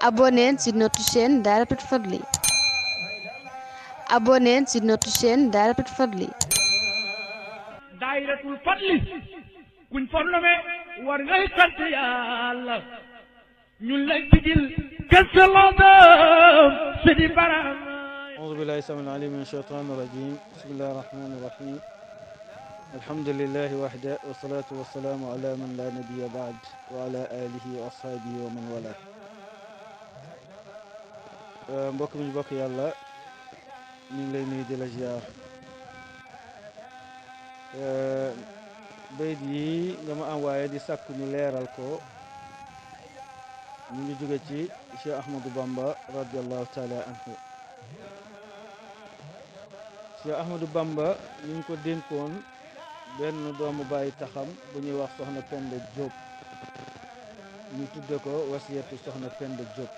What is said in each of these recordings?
abonnez sur notre chaîne Dahiratoul Fadly abonnez sur notre chaîne Dahiratoul Fadly Dahiratoul Fadly kuñ fornome war ngay sant Yàlla ñun lay tijil kasalada sidi baram أعوذ بالله السميع العليم من الشيطان الرجيم بسم الله الرحمن الرحيم الحمد لله وحده والصلاة والسلام على من لا نبي بعد وعلى آله وأصحابه ومن والاه Euh, mbokk mi ñu bokk yàlla ñu ngi lay nuyu di la ziar euh, bayit yi nga ma envoyé di sàkku ñu leeral ko mu ngi jóge ci Cheikh Ahmadou Bamba radiallahu taala anhu Cheikh Ahmadou Bamba ñu ngi ko dénkoon benn doomu bàyyi taxam bu ñuy wax soxna Penda Diop ñu tudde ko wasiyatu soxna Penda Diop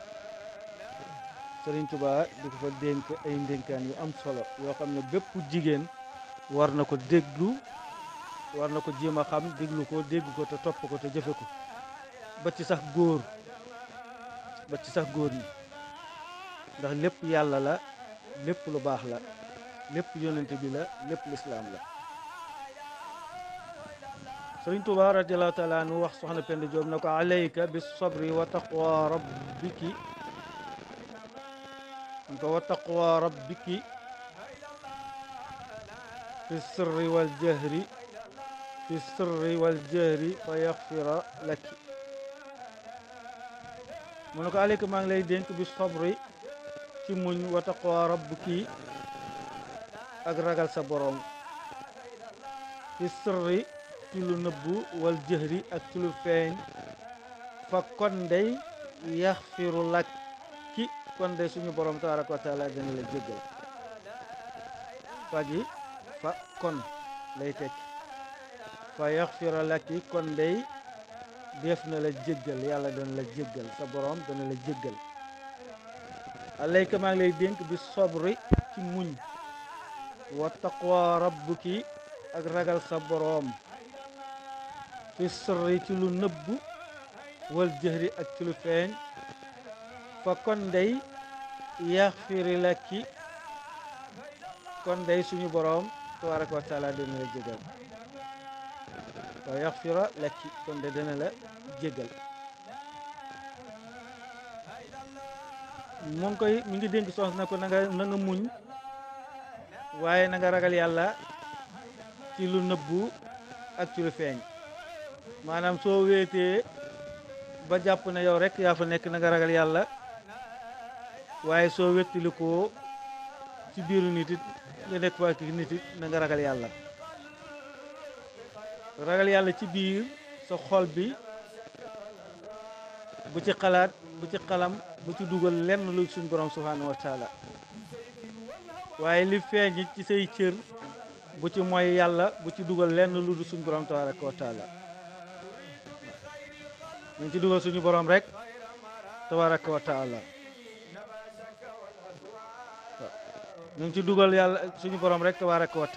Serigne Touba di ko fa dénk ay ndénkaan yu am solo yoo xam ne bépp jigéen war na ko déglu war na ko jéem a xam déglu ko dégg ko te topp ko te jëfe ko ba ci sax góor ba ci sax góor ñi ndax lépp yàlla la lépp lu baax la lépp yonente bi la lépp lislaam la Sëriñ Tuubaa radiyallaahu taala anhu wax soxna Penda Joob na ko alayka bis sabri wa taqwa rabbiki rabbika wa rabbiki fi sirri wal fi sirri wal fa yaxfira laki mu ne ko aleyka maa ngi lay dénk bi sabri ci muñ wa rabbiki ak ragal sa boroom fi sirri ci lu nëbbu wal jahri ak ci lu feeñ fa kon yaxfiru laki kon de suñu borom tabaraka wa taala dina la jéggal fa fa kon lay teg fa yaxfira laki kon day def na la jéggal yàlla dana la jéggal sa boroom dana la jéggal alayka maa ngi lay dénk bi sobri ci muñ wa taqwa rabbuki ak ragal sa boroom fi sirri ci lu nëbbu wal ak ci lu feeñ fa kon day yaxfiri lakki kon day suñu boroom tabaraka wa taala dana la jégal wa yaxfira lakki la jégal mu koy mi ngi dénk soxna na ko na muñ waaye na ragal yàlla ci lu nëbbu ak ci lu feeñ maanaam soo wéetee ba jàpp na yow rek yaa fa nekk na nga ragal yàlla waaye soo wettali koo ci biiru nit it nga nekk fa ak nit it na nga ragal yàlla ragal yàlla ci biir sa xol bi bu ci xalaat bu ci xalam bu ci dugal lenn lu suñ borom subhanahu wa taala waaye li feeñ ci say cër bu ci moy yàlla bu ci dugal lenn lu du suñ borom tabaraka wa ci dugal suñu boroom rek tabaraka ñu ngi ci dugal yàlla suñu borom rek tabaraka wa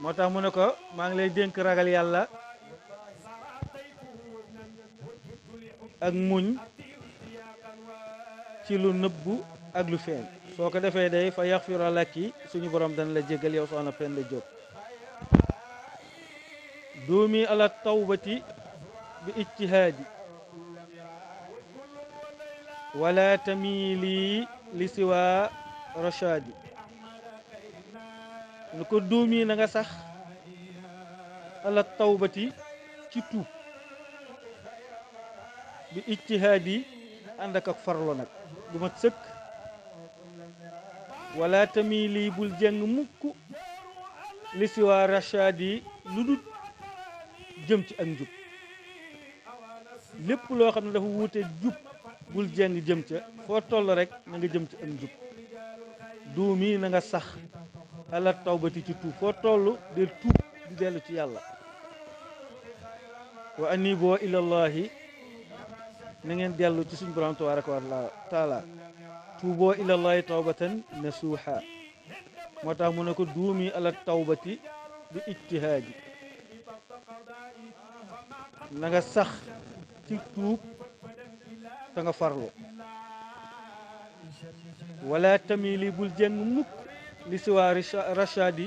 moo tax mu ne ko maa ngi lay dénk ragal yàlla ak muñ ci lu nëbbu ak lu feeñ soo ko defee day fa yaxfiru laki suñu borom dana la jégal yow soxna Penda Diop duumi ala tawbati bi ijtihaadi wala tamili li siwa rashadi nu ko duumi na nga sax ala tawbati ci tuub bi ijtihaad yi ànd ak ak farlo nag bu mat sëkk wala tamili bul jeng mukk li siwa rashadi lu dut jëm ci ak njub lépp loo xam ne dafa wuute jub bul jeng jëm ca foo toll rek na nga jëm ca am jub duumi na nga sax ala tawbati ci tuub foo toll del tuub di dellu ci yàlla wa anibu ilallahi na ngeen dellu ci suñ borom tabaraka wa taala tuuboo ilallahi tawbatan nasuuha moo tax mu ne ko duumi ala tawbati bi ijtihaaji na sax ci tuub te nga farlu wala bul jeng mukk li siwaa rachadi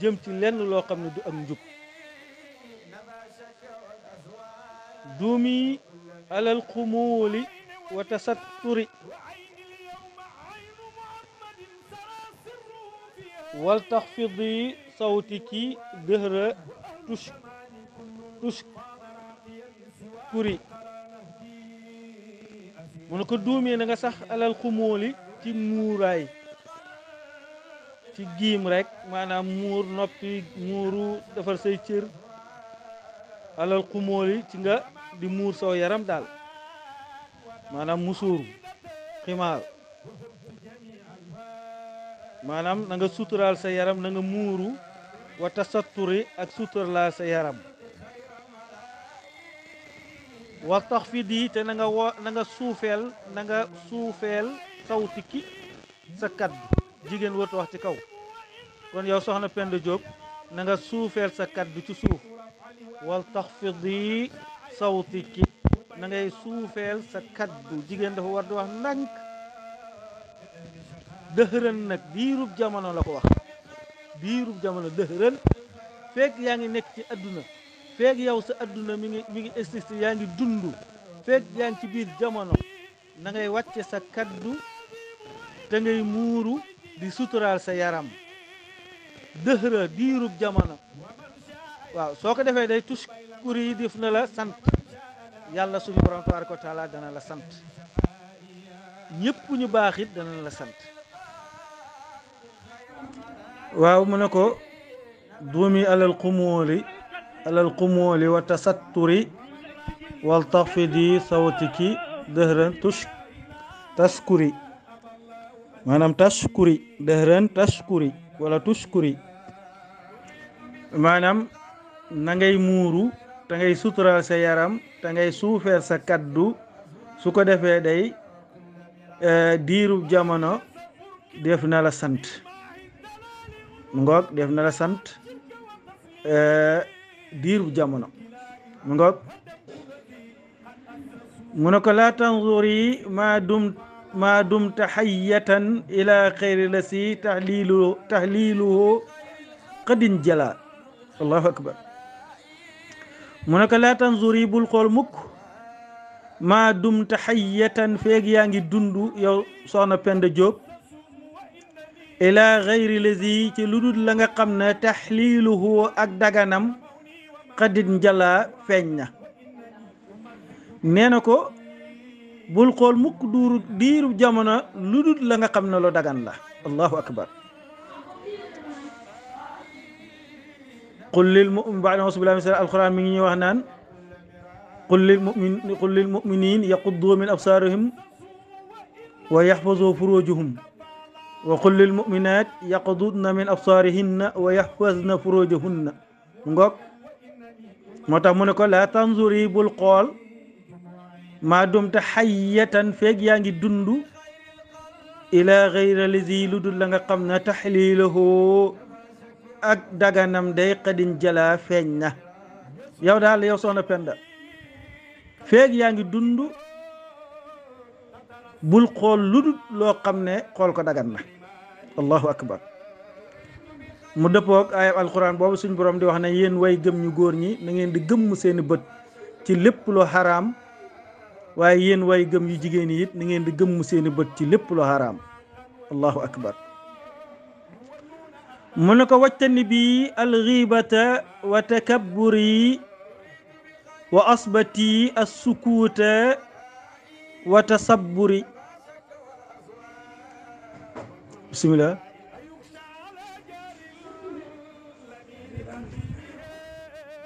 jëm ci lenn loo xam ne du ak njub duumi alal xumuuli wa tasatturi wal taxfidi sawtiki dëhra tush mu ne ko duumee na nga sax alal xumóoli ci muuraay ci giim rek maanaam muur noppi muuru defar say cër alal xumóoli ci nga di muur soo yaram daal maanaam musuuru ximaar maanaam na nga sa yaram na nga muuru wa tasatturi ak suturaal sa yaram wa taxfidi te na nga wo nanga suufeel na nga suufeel sawtiki sa kaddu jigéen wërtu wax ci kaw kon yow soxna Penda Diop na suufeel sa bi ci suuf wal taxfidi sawtiki na ngay suufeel sa kaddu jigéen dafa war di wax ndànk dëxërën nag diirub jamono la ko wax diirub jamono dëxërën fekk yaa ngi nekk ci àdduna feeg yow sa àdduna mi ngi mi ngi existe yaa ngi dund feeg yaa ngi ci biir jamono na ngay wàcce sa kàddu te ngay muuru di suturaal sa yaram dëxëra diirub jamono waaw soo ko defee day tushkur yi def na la sant yàlla suñu borom tabaraka wa taala dana la sant ñëpp ñu baax it dana la sant waaw mu ne ko duumi alal xumuuli alal qumuuli wa tasatturi wal taxfidi sawtiki dëhran tush taskuri maanaam taskuri dëhran taskuri wala tuskuri maanaam na ngay muuru te ngay suturaal sa yaram te ngay suufeer sa kaddu su ko defee day diiru jamono def na la sant ngoog def na la sant diiru jamono mu ngoog mu ko laa tanzuri maa dum maa xayyatan ila xayri la si tahlilu tahliluhu qadin jala allahu akbar mu ko laa tanzuri bul xool mukk maa dumta xayyatan feeg yaa ngi dund yow soxna Penda Diop ila xayri la ci lu dul la nga xam ne tahliluhu ak daganam xaddit njalaa feeñ na nee na ko bul xool mukk duuru diiru jamono lu dul la nga xam na loo dagan la allahu akbar qul lil mumin baada ausbilah min alquran mi ngi ñuy wax naan qul lil mumin qul lil muminin yaquddu min absaarihim wa yaxfazu furujuhum wa qul lil muminat yaqududna min absaarihinna moo tax mu ne ko laa tanzuri bul xool maa dumta xayyatan feeg yaa ngi dundu ila gayra lazi lu dul la nga xam ne taxliilahu ak daganam day xadin jala feeñ na yow daal yow soxna Penda feeg yaa ngi dundu bul xool lu dul loo xam ne xool ko dagan na allahu akbar mu dëppoog ayab alquran boobu suñ boroom di wax ne yéen way gëm ñu góor ñi na ngeen di gëmm seeni bët ci lépp lu xaraam waaye yéen way gëm yu jigéen yi it di gëmm seeni bët ci lépp lu xaraam allahu akbar mu ne ko wajtani bi alxiibata wa takabburi wa asbati assukuuta wa tasabburi bismillah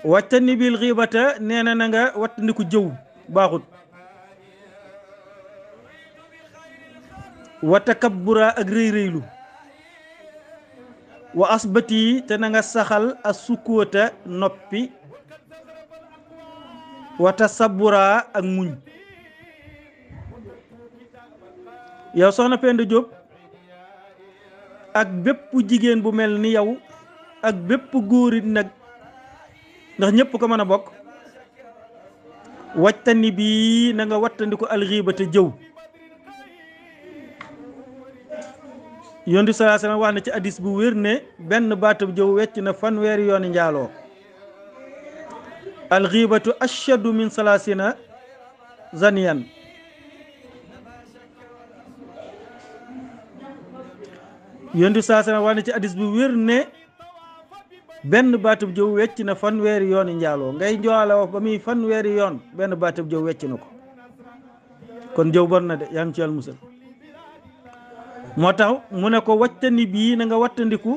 wattani bil xiibata nee na na nga wattandiku jëw baaxut wa takabbura ak rëy-rëylu wa asbati te na nga saxal a sukkoota noppi wa tasabura ak muñ yow soxna Penda Diop ak bépp jigéen bu mel ni yow ak bépp góorit nag ndax ñëpp ko mën a bokk wajtani bii na nga wattandi ko alxiiba jëw yoon di salaa salaam ci addis bu wér ne benn baatab jëw wecc na fanweeri yooni njaaloo alxiibatu ashadu min salaasina zaniyan yoon di salaa salaam ci addis bu wér ne benn baatub jëw wecc na fanweeri yooni njaaloo ngay njoala wax ba muy weeri yoon benn baatub jëw wecc na ko kon jëw bon na de yaa ngi ci yàlla moo tax mu ne ko wattandi bii na nga wattandiku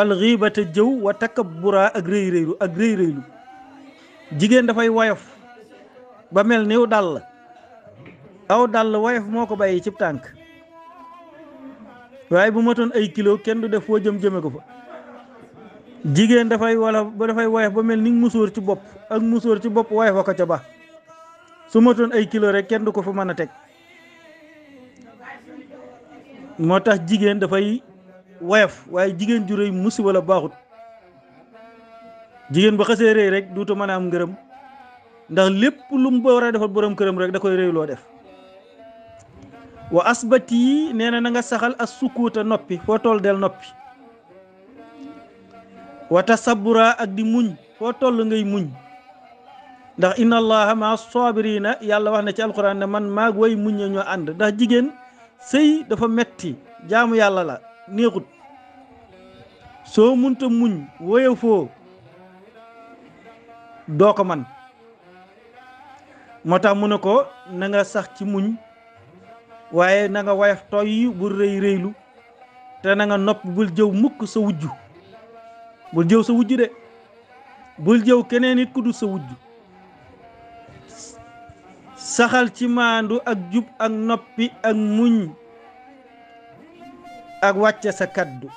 alxiibata jëw wa takabbura ak ak rëy rëylu jigéen dafay woyof ba mel niw dàll aw dàll woyof moo ko bàyyi cib tànk waaye bu matoon ay kilo kenn du def foo jëm jëme ko fa jigéen dafay wala ba dafay woyof ba mel ni musóor ci bopp ak musóor ci bopp woyof ko ca ba su matoon ay kilo rek kenn du ko fa mën a teg moo tax jigéen dafay woyof waaye jigéen ju rëy musi wala baaxut jigéen ba xasee rëy rek duutu mën a am ngërëm ndax lépp lu mu war a defal borom këram rek da koy rëy def wa asbat yi nee na na nga saxal as sukkuuta noppi foo tool del noppi wata sabura ak di muñ foo toll ngay muñ ndax inna allaha maa sabirina yàlla wax na ci alquran ne man maag woy muñ ñoo ànd ndax jigéen sëy dafa metti jaamu yàlla la néexut soo munta muñ woyefoo doo ko man moo tax mu ne ko nanga sax ci muñ waaye nanga nga woyof bu rëy rëylu te nanga nga nopp bul jëw mukk sa wujj bul jëw sa wujj de bul jëw keneen it ku dul sa wujj saxal ci maandu ak jub ak noppi ak muñ ak wàcce sa kaddu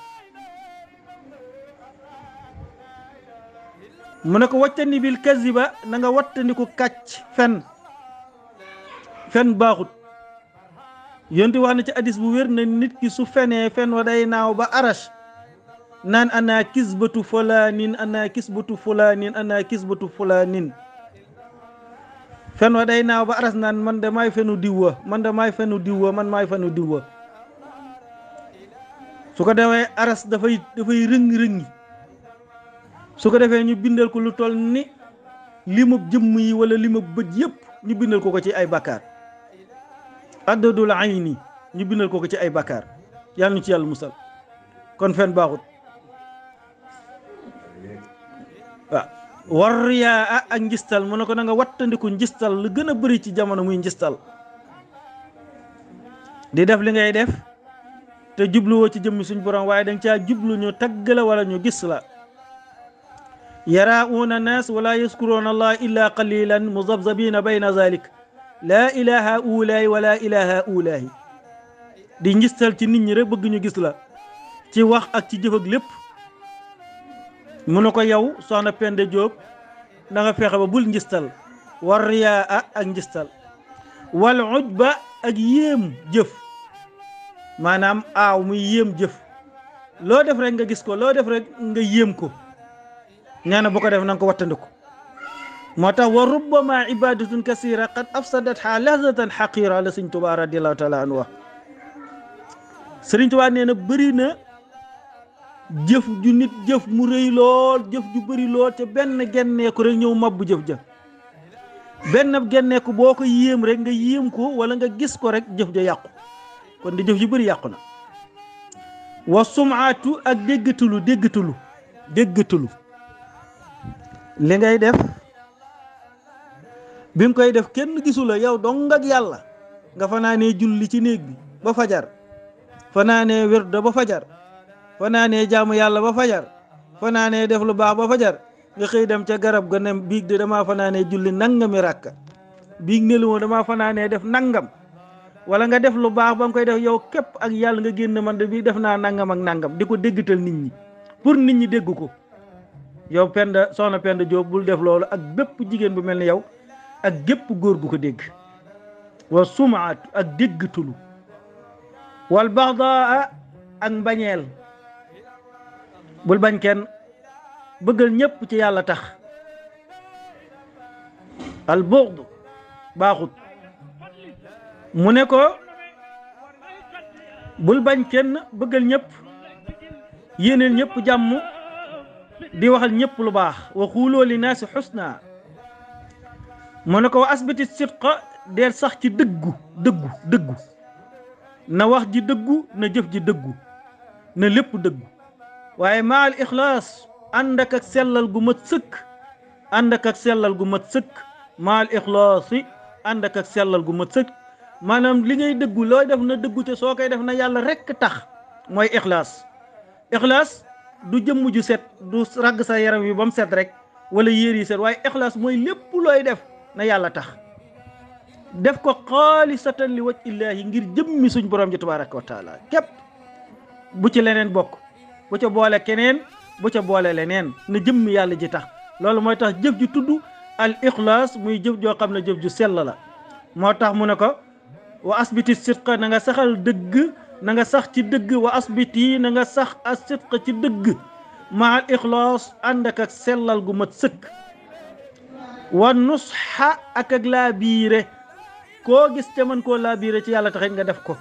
mu ne ko waccandi bil kaziba na nga wattandiku kàcc fen fenn baaxut yonti na ci hadis bu wér na nit ki su fenee fen wa day naaw ba arash naan ana kisbatu fulanin ana kisbatu fulanin ana kisbatu fulanin fen wa day naaw ba aras naan man de maay fenu diwwa man de maay fenu diwwa man maay fenu diwwa su ko defee aras dafay dafay rëng-rëngi su ko defee ñu bindal ko lu toll ni limu jëmm yi wala limu bët yëpp ñu bindal ko ko ci ay bakkaar addadul nii ñu bindal ko ko ci ay bakkaar yàlla ñu ci yàlla musal kon fen baaxut waaw ah, war yaa ah ak njistal mu ne ko na nga wattandiku njistal lu gën a bëri ci jamono muy njistal di def li ngay def te jubluwoo ci jëmmi suñ borom waaye danga caa jublu ñu tagg la ñu gis la yarauna nas wala yaskuruuna allah illa qalilan muzabzabina bayna zalik laa ilaha ulaay wala ilaha ulaay di njistal ci nit ñi rek bëgg ñu gis la ci wax ak ci jëf ak mu ne ko yow soxna Penda Diop da nga fexe ba bul njistal war riyaa ak njistal wal ba ak yéem jëf maanaam aaw muy yéem jëf loo def rek nga gis ko loo def rek nga yéem ko nee na bu ko def na ko wattandiku moo tax wa rubbama ibadatun kasira qad afsadat ha lahzatan xaqira la sëñ Tuubaa radiallahu taala anhu sëriñ Tuubaa nee na jëf ju nit jëf mu réy lool jëf ju bëri lool te benn genneeku rek ñëw mabbu jëf ja benn genneeku boo ko yéem rek nga yéem ko wala nga gis ko rek jëf ja yàqu kon di jëf ju bëri yàqu na wa sumaatu ak déggatulu déggatulu déggatulu li ngay def bi nga koy def kenn gisu la yow dong ak yàlla nga fanaanee julli ci néeg bi ba fajar fanaanee wérda ba fajar fanaanee jaamu yàlla ba fajar fanaanee def lu baax ba fajar nga xëy dem ca garab ga ne biig de damaa fanaanee julli nangami rakk biig ne dama fanaane def nangam wala nga def lu baax ba nga koy def yow képp ak yàlla nga génn man de bii def naa nangam ak nangam di ko déggtal nit ñi pour nit ñi dégg ko yow Penda soxna Penda Diop bul def loolu ak bépp jigéen bu mel ni yow ak gépp góor gu ko dégg wa sumaat ak déggtulu wal baxdaa ak mbañeel bul bañ kenn bëggal ñëpp ci yàlla tax al baaxut mu ne ko bul bañ kenn bëggal ñépp yéeneel ñëpp jàmm di waxal ñépp lu baax wa xuuloo li naasi xusna mu ne ko wa asbiti sidqa deel sax ci dëggu dëggu dëggu na wax ji dëggu na jëf ji dëggu na lépp dëggu waaye maal al ixlaas ànd ak ak sellal gu mat sëkk ànd ak ak sellal gu mat sëkk ma al ixlaas yi ànd ak ak sellal gu mat sëkk maanaam li ngay dëggu looy def na dëggu te soo koy def na yàlla rekk tax mooy ixlaas ixlaas du jëmm ju set du ragg sa yaram yi ba mu set rek wala yére yi set waaye ixlaas mooy lépp looy def na yàlla tax def ko xaalisatan li waj illaahi ngir jëmmi suñ borom ji tabaraka wa taala képp bu ci leneen bokk bu ca boole keneen bu ca boole leneen na jëmm yàlla ji tax loolu mooy tax jëf ju tudd al ixlaas muy jëf joo xam ne jëf ju sell la moo tax mu ne ko wa asbiti sidqa na nga saxal dëgg na nga sax ci dëgg wa asbiti na nga sax as sidqa ci dëgg ma al ixlaas ànd ak ak sellal gu mat sëkk wa nusxa ak ak laa koo gis ca mën koo laa biire ci yàlla taxit nga def ko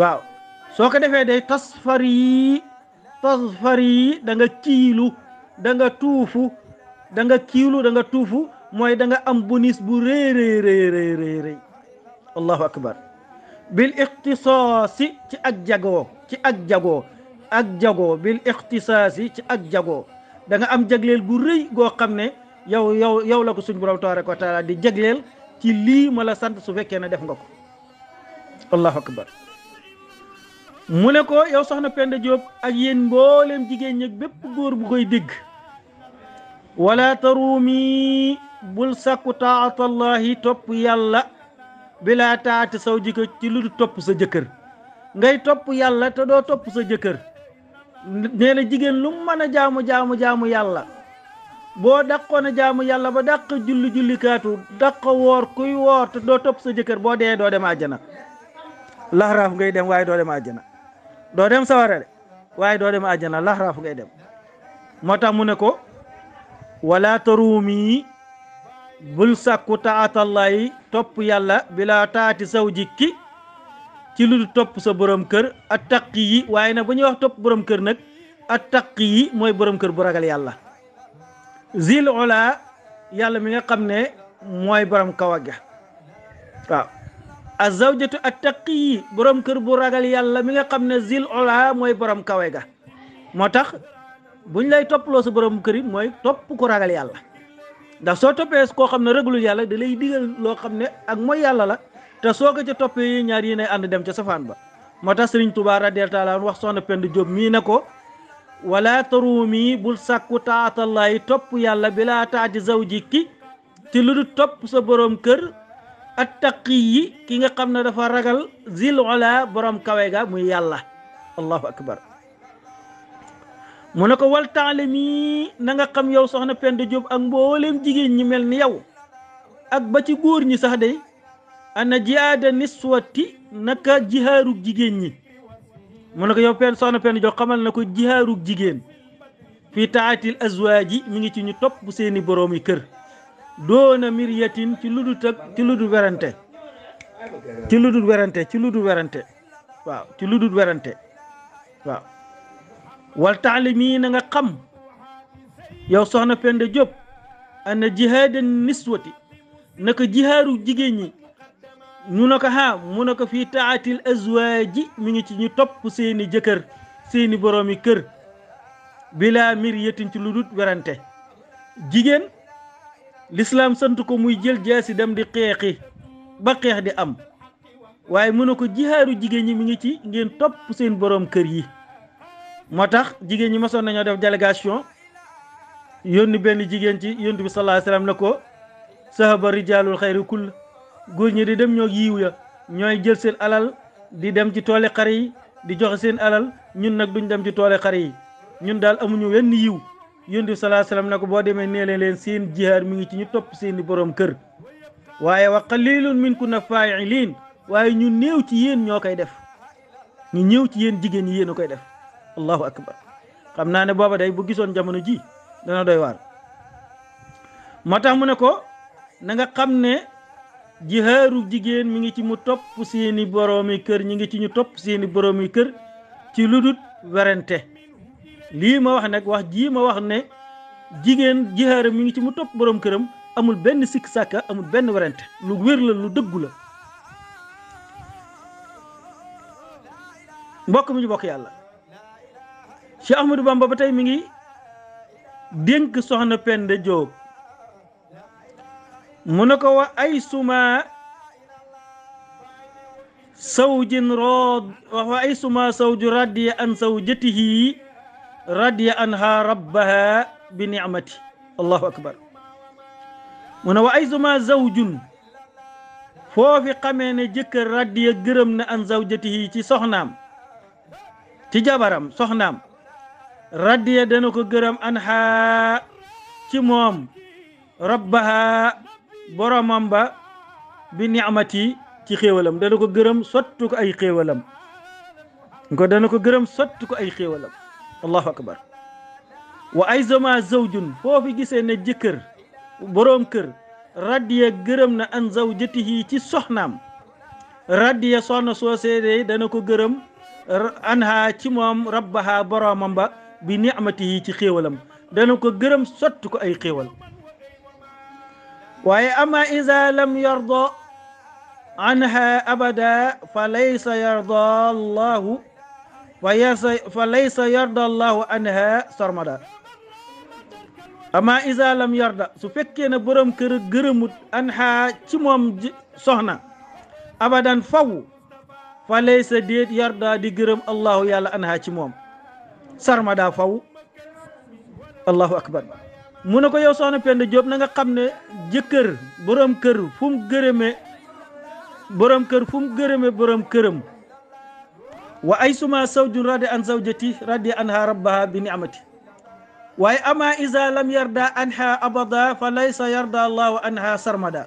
waaw soo ko defee day tasfar tasfar yi da nga kiilu da tuufu danga nga kiilu da tuufu mooy da nga am bonus bu rëy rëy rëy rëy allahu akbar bil ixtisaasi ci ak jagoo ci ak jago ak jagoo bil ixtisaasi ci ak jagoo danga am jagleel bu rëy goo xam ne yow yow yow la ko suñ borom tabaraka wa taala di jagleel ci lii ma sant su fekkee ne def nga ko allahu akbar mu ne ko yow soxna Penda Diop ak yéen mbooleem jigéen ñëg bépp góor bu koy dégg wala taruumi bul sàkku taatallahi topp yàlla bila taati saw jika ci lu topp sa jëkkër ngay topp yàlla te doo topp sa jëkkër nee jigéen lum mën a jaamu-jaamu-jaamu yàlla boo dàqoon a jaamu yàlla ba dàq julli-julli kaatu dàq woor kuy woor te doo topp sa jëkkër boo dee doo dem àjjana laxaraaf ngay dem waaye doo dem àjjana doo dem sawara de waaye doo dem àjjana laxraaf ngay dem moo tax mu ne ko wala taruumi bul sàkku taatallahi topp yàlla bila taati saw jikki ci lu topp sa borom kër attaqi yi waaye nag bu ñuy wax topp borom kër nag attaqi yi mooy borom kër bu ragal yàlla zil ola yàlla mi nga xam ne mooy borom kaw ga waaw azawjatu ak taqiyi borom kër bu ragal yàlla mi nga xam ne zil ola mooy borom kawe ga moo tax buñ lay topploo sa borom kër yi mooy topp ku ragal yàlla ndax soo toppee koo xam ne ragalul yàlla da lay digal loo xam ne ak mooy yàlla la te soo ko ca toppee ñaar yi nay ànd dem ca safaan ba moo tax sëriñ Tuubaa radiyallaahu taala wax soxna Penda Jóob mii ne ko wala taruumi bul sàkku taatallaayi topp yàlla bilaa taati zawjikki ci lu du topp sa boroom kër ak attaqi yi ki nga xam ne dafa ragal zil ola borom kawe ga muy yàlla allahu akbar mu ne ko wal taalimi na nga xam yow soxna Penda jóob ak mboolem jigéen ñi mel ni yow ak ba ci góor ñi sax de ana jihaada niswati naka jihaarug jigéen ñi mu ne ko yow Penda soxna Penda Diop xamal na ko jihaarug jigéen fii taatil azwaaji mi ngi ci ñu topp seeni boroomi kër doona miryatin ci lu ci lu dul werante ci lu werante ci lu werante waaw ci lu werante waaw wal taalimi na nga xam yow soxna Penda Diop ana jihaadan niswati naka jihaaru jigéen ñi ñu ne ko ha mu ne ko fii taatil azwaaji mi ngi ci ñu topp seeni jëkkër seeni boroomi kër bila miryatin ci lu werante jigéen lislaam sant ko muy jël jaasi dem di xeexi ba xeex di am waaye mu ne ko jihaaru jigéen ñi mu ngi ci ngeen topp seen boroom kër yi moo tax jigéen ñi mosoon nañoo def délégation yónni benn jigéen ci yontu bi sallallahu alayhi wasallam ne ko sahaba rijaalul xayri kull góor ñi di dem ñoo yiw ya ñooy jël seen alal di dem ci toole xare yi di joxe seen alal ñun nag duñu dem ci toole xare yi ñun daal amuñu wenn yiw yonent bi salaa salaam ne boo demee nee leen leen seen jihaar mi ngi ci ñu topp seeni borom kër waaye wa qalilun minkunna faa'iliin waaye ñu néew ci yéen ñoo koy def ñu ñëw ci yéen jigéen ñi yéen a koy def allahu akbar xam naa ne booba day bu gisoon jamono ji dana doy waar moo tax mu ne ko nanga xam ne jihaaru jigéen mi ngi ci mu topp seeni boroomi kër ñi ngi ci ñu topp seeni boroomi kër ci ludut werante lii ma wax nag wax jii ma wax ne jigéen jihaaram mi ngi ci mu topp boroom këram amul benn sikk sàkka amul benn werante lu wér la lu dëggu la mbokk mi ñu bokk yàlla Cheikh Ahmadou Bamba ba tey mi ngi dénk soxna Penda Joob mu ne ko wa ay suma sawjin rood wa ay suma sawju radiya an sawjatihi radiya anha rabbaha bi nicmati allahu akbar mu ne wa ayzuma zawjun foofi xamee ne jëkkër radiya gërëm na an zawjatihi ci soxnaam ci jabaram soxnaam radiya dana ko gërëm anha ci moom rabbaha boromam ba bi nicmati ci xéewalam dana ko gërëm sottu ko ay xéewalam ko dana ko gërëm sottu ko ay xéewalam allahu akbar wa ay zoma zawjun foo gisee ne jëkkër boroom kër radiya gërëm na an zawjatihi ci soxnaam radiya soxna soosee dana ko gërëm anha ci moom rabbaha boroomam bi nicmatihi ci xéewalam dana ko gërëm sott ko ay xéewal waaye ama isa lam yardo anha abada fa laysa yarda allahu fa laysa yarda allahu anha sarmada ama isa yarda su fekkee ne borom kër gërëmut anha ci moom soxna abadan faw fa laysa déet yarda di gërëm allahu yàlla anha ci moom sarmada faw allahu akbar mu ne ko yow soxna Penda Jóob na xam ne jëkkër borom kër fu gërëme borom kër fu mu gërëme borom këram wa ay suma sawjun radi an zawjati radi anha rabbaha bi ni'amati waaye ama isa lam yarda anha abada fa laysa yarda allahu anha sarmada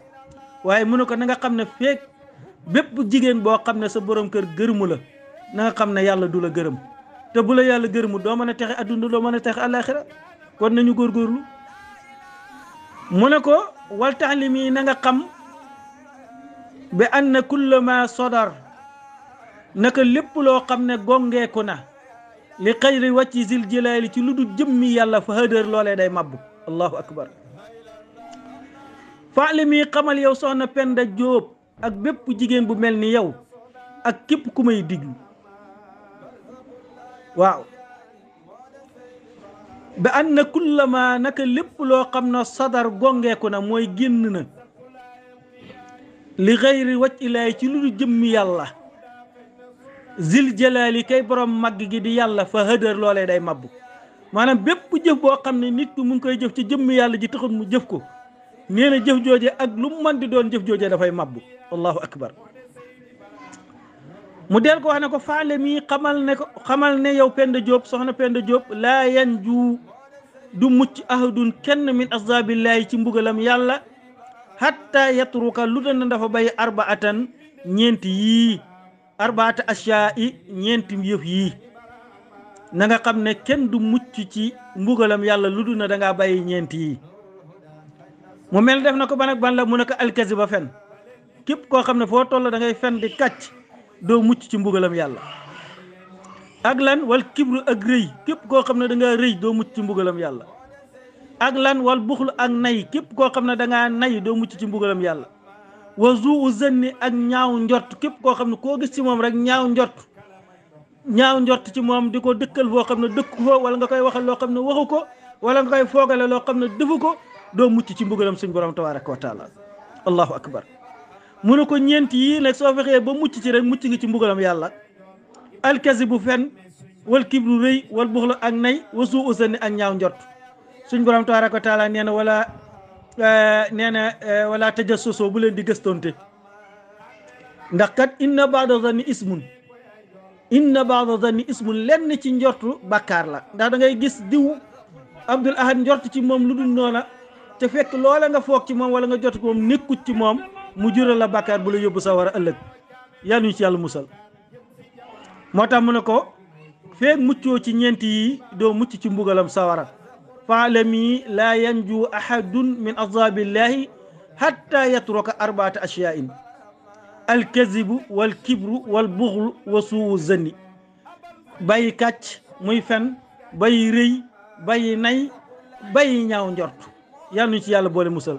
waaye mu ne ko na nga xam ne feek bépp jigéen boo xam ne sa borom kër gërëmu la na xam ne yàlla du la gërëm te bu la yàlla gërëmu doo mën a texe adduna doo mën a texe àllaaxira kon nañu góor góorlu mu ne ko wal taxlimi na xam bi anna kulla ma sodar naka lépp loo xam ne gongeeku na li xayri wàcci zil jilaali ci lu du jëmmi yàlla fa hëdër loolee day mabbu allahu akbar faali mi xamal yow soxna Penda Jóob ak bépp jigéen bu mel ni yow ak képp ku may diglu waaw ba an na kullama naka lépp loo xam na sadar gongeeku na mooy génn na li xayri wàcc ilaay ci lu du jëmmi yàlla zil jalaali kay boroom màgg gi di yàlla fa hëdër loolee day mabbu maanaam bépp jëf boo xam ne nit mu ngi koy jëf ci jëmm yàlla ji taxul mu jëf ko nee jëf jooje ak lu mu mën di doon jëf jooje dafay mabbu allahu akbar mu del ko wax ne ko faale mii xamal ne ko xamal ne yow Penda Diop soxna Penda Diop laa yan ju du mucc ahadun kenn min azabillahi ci mbugalam yàlla hatta yatruka lu dana dafa bay arbaatan ñeenti yii arbaata asiyaa i ñeenti yëf yii na nga xam ne kenn du mucc ci mbugalam yàlla lu dul na da ngaa bàyyi ñeenti yii mu mel def na ko ban ak ban la mu nekk ko alkasi ba fen képp koo xam ne foo toll da ngay fen di kàcc doo mucc ci mbugalam yàlla ak lan wal kibru ak rëy képp koo xam ne danga ngaa rëy doo mucc ci mbugalam yàlla ak lan wal buxlu ak nay képp koo xam ne danga ngaa nay doo mucc ci mbugalam yàlla wa zuu zanni ak ñaaw njort képp koo xam ne koo gis ci moom rek ñaaw njort ñaaw njort ci moom di ko dëkkal foo xam ne dëkk ko wala nga koy waxal loo xam ne waxu ko wala nga koy foogale loo xam ne defu ko doo mucc ci mbugalam suñ borom tabaraka wa taala allahu akbar mu ne ko ñeent yii nag soo fexee ba mucc ci rek mucc ngi ci mbugalam yàlla alkasi bu fen wal kibru rëy wal buxla ak nay wa suu zanni ak ñaaw njort suñ borom tabaraka wa taala nee na Eh, nee na eh, wala tajassusu bu leen di gëstoonte ndax kat inna baada zanni ismun inna baada zanni ismun lenn ci njortu bàkkaar la ndax dangay gis diw Abdul Ahad njort ci moom lu dul noona te fekk loole nga foog ci moom wala nga jot ko moom nekkut ci moom mu jural la bàkkaar bu la yóbbu sa war a ëllëg ñu ci yàlla musal moo tax mu ne ko feeg muccoo ci ñeenti yi doo mucc ci mbugalam sawara faalami laa yanju ahadun min azabillahi hatta yatruka arbaata ashyain alkazibu wal kibru wal buxlu wa suwu zanni bàyyi kàcc muy fen bàyyi rëy bàyyi nay bàyyi ñaaw njort yan nuñ ci yàlla boole musal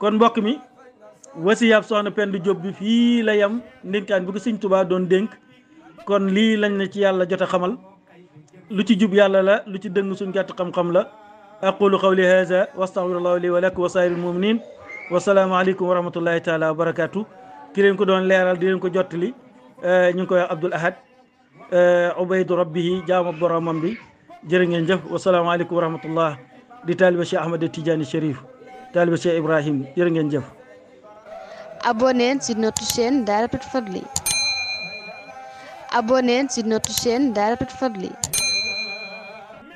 kon mbokk mi wasiyab soxna Penda Diop bi fii la yam ndénkaan bi ko sëñ doon dénk kon lii lañ na ci yàlla jot a xamal lu ci jub yàlla la lu ci dëng suñ gàtt xam-xam la aqulu qawli hada wa astaghfirullahu li wa lakum wa sairil muminin wa salaamu aleykum wa rahmatullahi taala wa barakatu ki leen ko doon leeral di leen ko jottali eh, ñu ngi koy wax Abdul Ahad eh, ubaydu rabbihi jaamu boromam bi jërë ngeen jëf wa salaamu aleykum wa rahmatullah di taaliba Cheikh Ahmed Tidiane Chérif taaliba Cheikh Ibrahim jërë ngeen jëf abonnez sur notre chaîne Dahiratoul Fadly abonnez sur notre chaîne Dahiratoul Fadly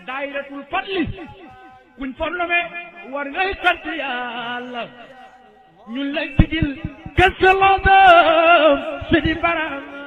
Dahiratoul Fadly buñ forlome war ngay sant yàlla ñun lay sigil gëstaloon sidi baram